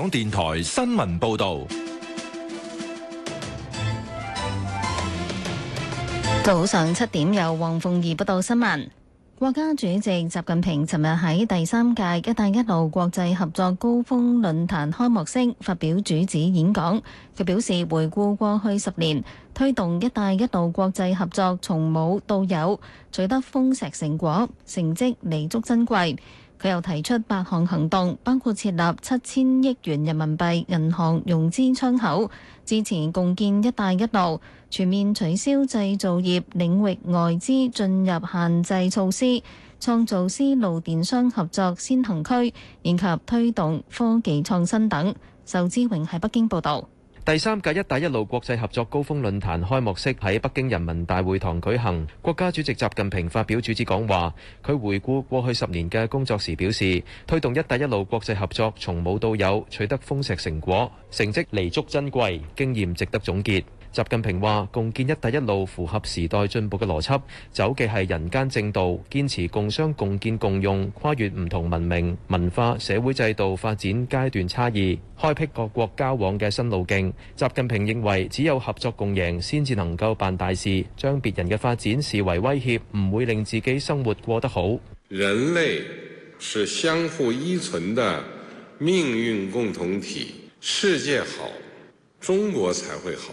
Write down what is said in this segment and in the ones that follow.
港電台新聞報道，早上七點有黃鳳儀報道新聞。國家主席習近平尋日喺第三屆一帶一路國際合作高峰論壇開幕式發表主旨演講。佢表示，回顧過去十年，推動一帶一路國際合作從無到有，取得豐碩成果，成績彌足珍貴。佢又提出八項行動，包括設立七千億元人民幣銀行融資窗口、支持共建“一帶一路”、全面取消製造業領域外資進入限制措施、創造絲路電商合作先行區，以及推動科技創新等。仇之榮喺北京報道。第三屆「一帶一路」國際合作高峰論壇開幕式喺北京人民大會堂舉行，國家主席習近平發表主旨講話。佢回顧過去十年嘅工作時表示，推動「一帶一路」國際合作從冇到有，取得豐碩成果，成績彌足珍貴，經驗值得總結。習近平話：共建“一帶一路”符合時代進步嘅邏輯，走嘅係人間正道，堅持共商共建共用，跨越唔同文明、文化、社會制度發展階段差異，開闢各國交往嘅新路徑，習近平認為，只有合作共贏先至能夠辦大事，將別人嘅發展視為威脅，唔會令自己生活過得好。人類，是相互依存的命運共同體，世界好，中國才會好。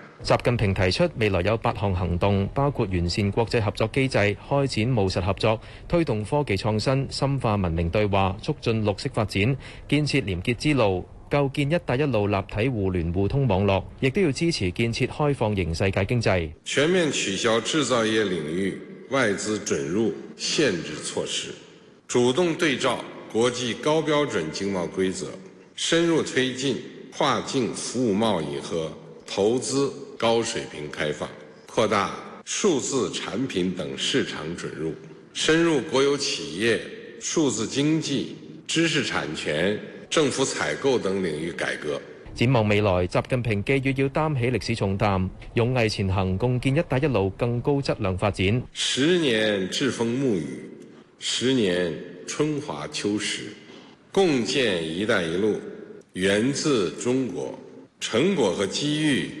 習近平提出未來有八項行動，包括完善國際合作機製、開展務實合作、推動科技創新、深化文明對話，促進綠色發展、建設廉潔之路、構建一帶一路立體互聯互通網絡，亦都要支持建設開放型世界經濟，全面取消製造業領域外資準入限制措施，主動對照國際高標準經貿規則，深入推進跨境服務貿易和投資。高水平開放，擴大數字產品等市場準入，深入國有企業、數字經濟、知識產權、政府採購等領域改革。展望未來，習近平寄語要擔起歷史重擔，勇毅前行，共建“一帶一路”更高質量發展。十年櫛風沐雨，十年春華秋實，共建“一帶一路”源自中國，成果和機遇。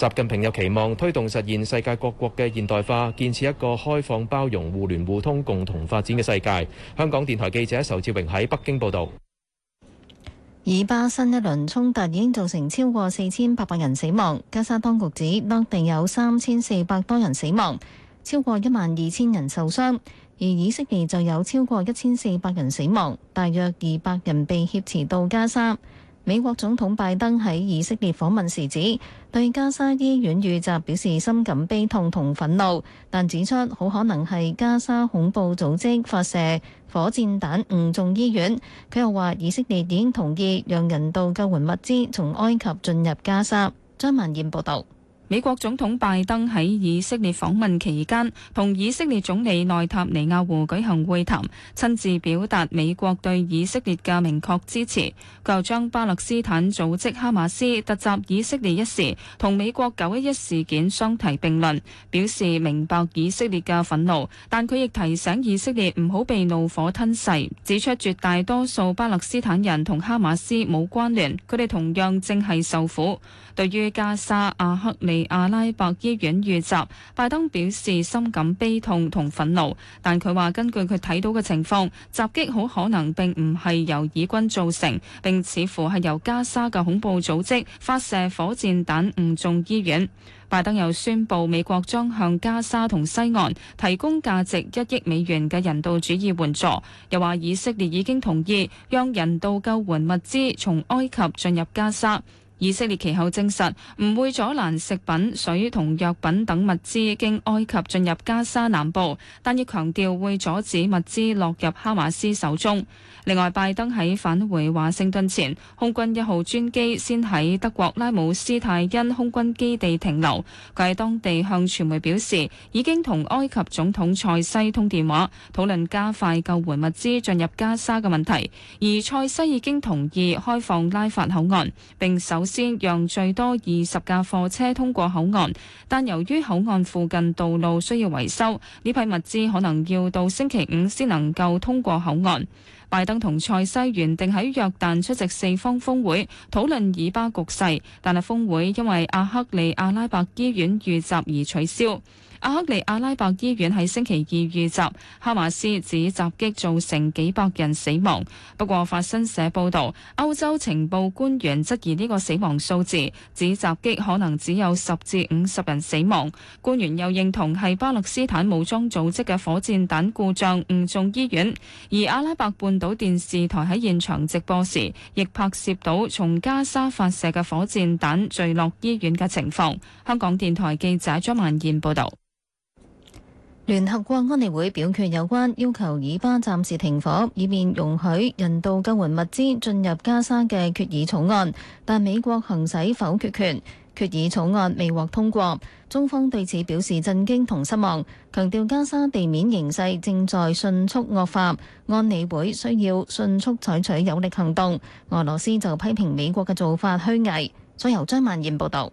習近平有期望推動實現世界各國嘅現代化，建設一個開放包容、互聯互通、共同發展嘅世界。香港電台記者仇志榮喺北京報導。以巴新一輪衝突已經造成超過四千八百人死亡，加沙當局指當地有三千四百多人死亡，超過一萬二千人受傷，而以色列就有超過一千四百人死亡，大約二百人被挾持到加沙。美國總統拜登喺以色列訪問時指，對加沙醫院遇襲表示深感悲痛同憤怒，但指出好可能係加沙恐怖組織發射火箭彈誤中醫院。佢又話，以色列已經同意讓人道救援物資從埃及進入加沙。張曼燕報道。美國總統拜登喺以色列訪問期間，同以色列總理內塔尼亞胡舉行會談，親自表達美國對以色列嘅明確支持。佢又將巴勒斯坦組織哈馬斯突襲以色列一事，同美國911事件相提並論，表示明白以色列嘅憤怒，但佢亦提醒以色列唔好被怒火吞噬，指出絕大多數巴勒斯坦人同哈馬斯冇關聯，佢哋同樣正係受苦。對於加沙阿克里，阿拉伯醫院遇襲，拜登表示深感悲痛同憤怒，但佢話根據佢睇到嘅情況，襲擊好可能並唔係由以軍造成，並似乎係由加沙嘅恐怖組織發射火箭彈誤中醫院。拜登又宣布美國將向加沙同西岸提供價值一億美元嘅人道主義援助，又話以色列已經同意讓人道救援物資從埃及進入加沙。以色列其後證實唔會阻攔食品、水同藥品等物資經埃及進入加沙南部，但亦強調會阻止物資落入哈馬斯手中。另外，拜登喺返回華盛頓前，空軍一號專機先喺德國拉姆斯泰因空軍基地停留。佢喺當地向傳媒表示，已經同埃及總統塞西通電話，討論加快救援物資進入加沙嘅問題，而塞西已經同意開放拉法口岸，並首先讓最多二十架貨車通過口岸，但由於口岸附近道路需要維修，呢批物資可能要到星期五先能夠通過口岸。拜登同塞西原定喺約旦出席四方峰會，討論以巴局勢，但係峰會因為阿克利阿拉伯醫院遇襲而取消。阿克利阿拉伯醫院喺星期二遇襲，哈馬斯指襲擊造成幾百人死亡。不過，法新社報導，歐洲情報官員質疑呢個死亡數字，指襲擊可能只有十至五十人死亡。官員又認同係巴勒斯坦武裝組織嘅火箭彈故障誤中醫院。而阿拉伯半島電視台喺現場直播時，亦拍攝到從加沙發射嘅火箭彈墜落醫院嘅情況。香港電台記者張萬燕報導。聯合國安理會表決有關要求以巴暫時停火，以便容許人道救援物資進入加沙嘅決議草案，但美國行使否決權，決議草案未獲通過。中方對此表示震驚同失望，強調加沙地面形勢正在迅速惡化，安理會需要迅速採取有力行動。俄羅斯就批評美國嘅做法虛偽。再由張萬燕報導。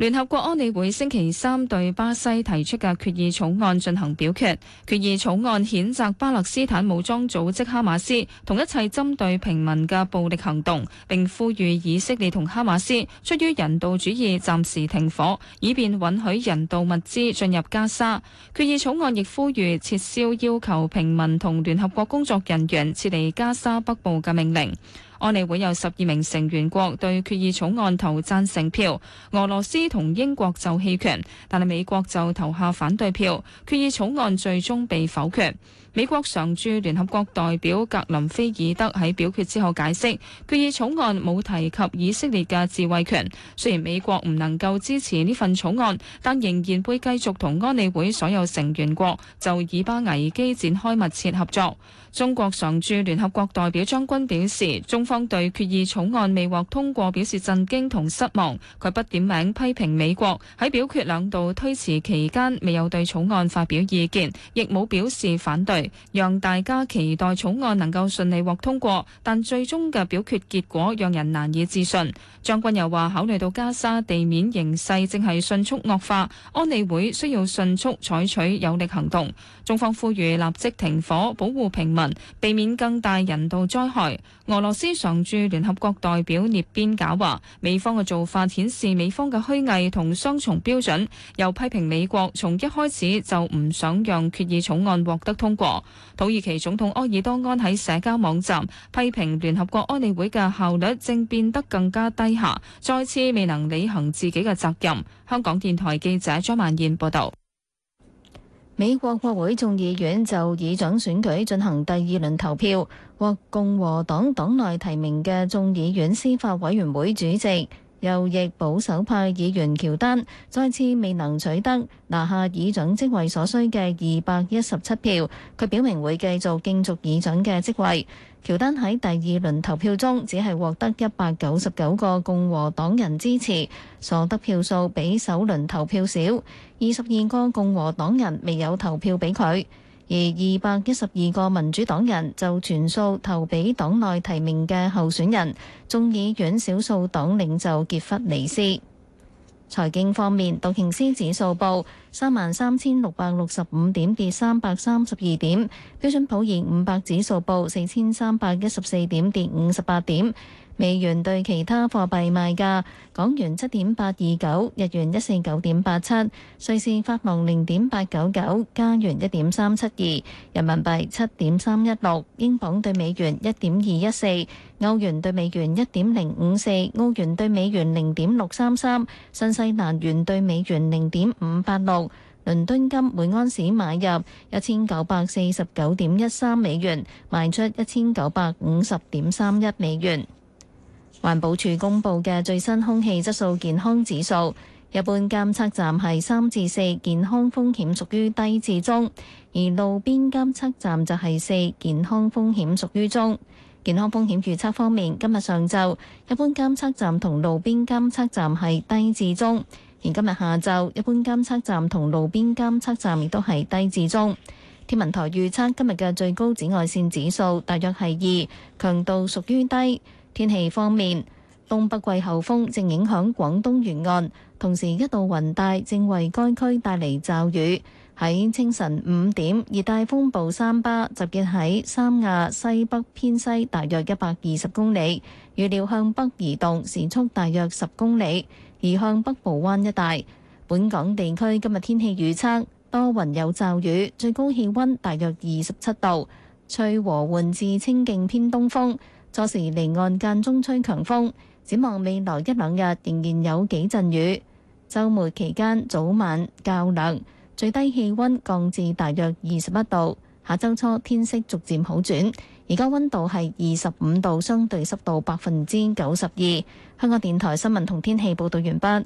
聯合國安理會星期三對巴西提出嘅決議草案進行表決。決議草案譴責巴勒斯坦武裝組織哈馬斯同一切針對平民嘅暴力行動，並呼籲以色列同哈馬斯出於人道主義暫時停火，以便允許人道物資進入加沙。決議草案亦呼籲撤銷要求平民同聯合國工作人員撤離加沙北部嘅命令。安理會有十二名成員國對決議草案投贊成票，俄羅斯同英國就棄權，但係美國就投下反對票，決議草案最終被否決。美國常駐聯合國代表格林菲爾德喺表決之後解釋，決議草案冇提及以色列嘅自衛權。雖然美國唔能夠支持呢份草案，但仍然會繼續同安理會所有成員國就以巴危機展開密切合作。中國常駐聯合國代表張軍表示，中方對決議草案未獲通過表示震驚同失望。佢不點名批評美國喺表決兩度推遲期間未有對草案發表意見，亦冇表示反對，讓大家期待草案能夠順利獲通過。但最終嘅表決結果讓人難以置信。張軍又話：考慮到加沙地面形勢正係迅速惡化，安理會需要迅速採取有力行動。中方呼籲立即停火，保護平民，避免更大人道災害。俄羅斯。常駐聯合國代表聶邊假話，美方嘅做法顯示美方嘅虛偽同雙重標準，又批評美國從一開始就唔想讓決議草案獲得通過。土耳其總統埃爾多安喺社交網站批評聯合國安理會嘅效率正變得更加低下，再次未能履行自己嘅責任。香港電台記者張曼燕報道。美國國會眾議院就議長選舉進行第二輪投票，獲共和黨黨內提名嘅眾議院司法委員會主席、右翼保守派議員喬丹，再次未能取得拿下議長職位所需嘅二百一十七票。佢表明會繼續競逐議長嘅職位。喬丹喺第二輪投票中只係獲得一百九十九個共和黨人支持，所得票數比首輪投票少。二十二個共和黨人未有投票俾佢，而二百一十二個民主黨人就全數投俾黨內提名嘅候選人，眾議院少數黨領袖傑弗尼斯。財經方面，道瓊斯指數報三萬三千六百六十五點，跌三百三十二點；標準普爾五百指數報四千三百一十四點，跌五十八點。美元對其他貨幣賣價：港元七點八二九，日元一四九點八七，瑞士法郎零點八九九，加元一點三七二，人民幣七點三一六，英鎊對美元一點二一四，歐元對美元一點零五四，澳元對美元零點六三三，新西蘭元對美元零點五八六。倫敦金每安士買入一千九百四十九點一三美元，賣出一千九百五十點三一美元。環保署公布嘅最新空氣質素健康指數，一般監測站係三至四，健康風險屬於低至中；而路邊監測站就係四，健康風險屬於中。健康風險預測方面，今日上晝，一般監測站同路邊監測站係低至中；而今日下晝，一般監測站同路邊監測站亦都係低至中。天文台預測今日嘅最高紫外線指數大約係二，強度屬於低。天氣方面，東北季候風正影響廣東沿岸，同時一道雲帶正為該區帶嚟驟雨。喺清晨五點，熱帶風暴三巴集結喺三亞西北偏西，大約一百二十公里，預料向北移動時速大約十公里，移向北部灣一帶。本港地區今日天氣預測，多雲有驟雨，最高氣溫大約二十七度，吹和緩至清勁偏東風。初時離岸間中吹強風，展望未來一兩日仍然有幾陣雨。週末期間早晚較涼，最低氣温降至大約二十一度。下周初天色逐漸好轉，而家温度係二十五度，相對濕度百分之九十二。香港電台新聞同天氣報導完畢。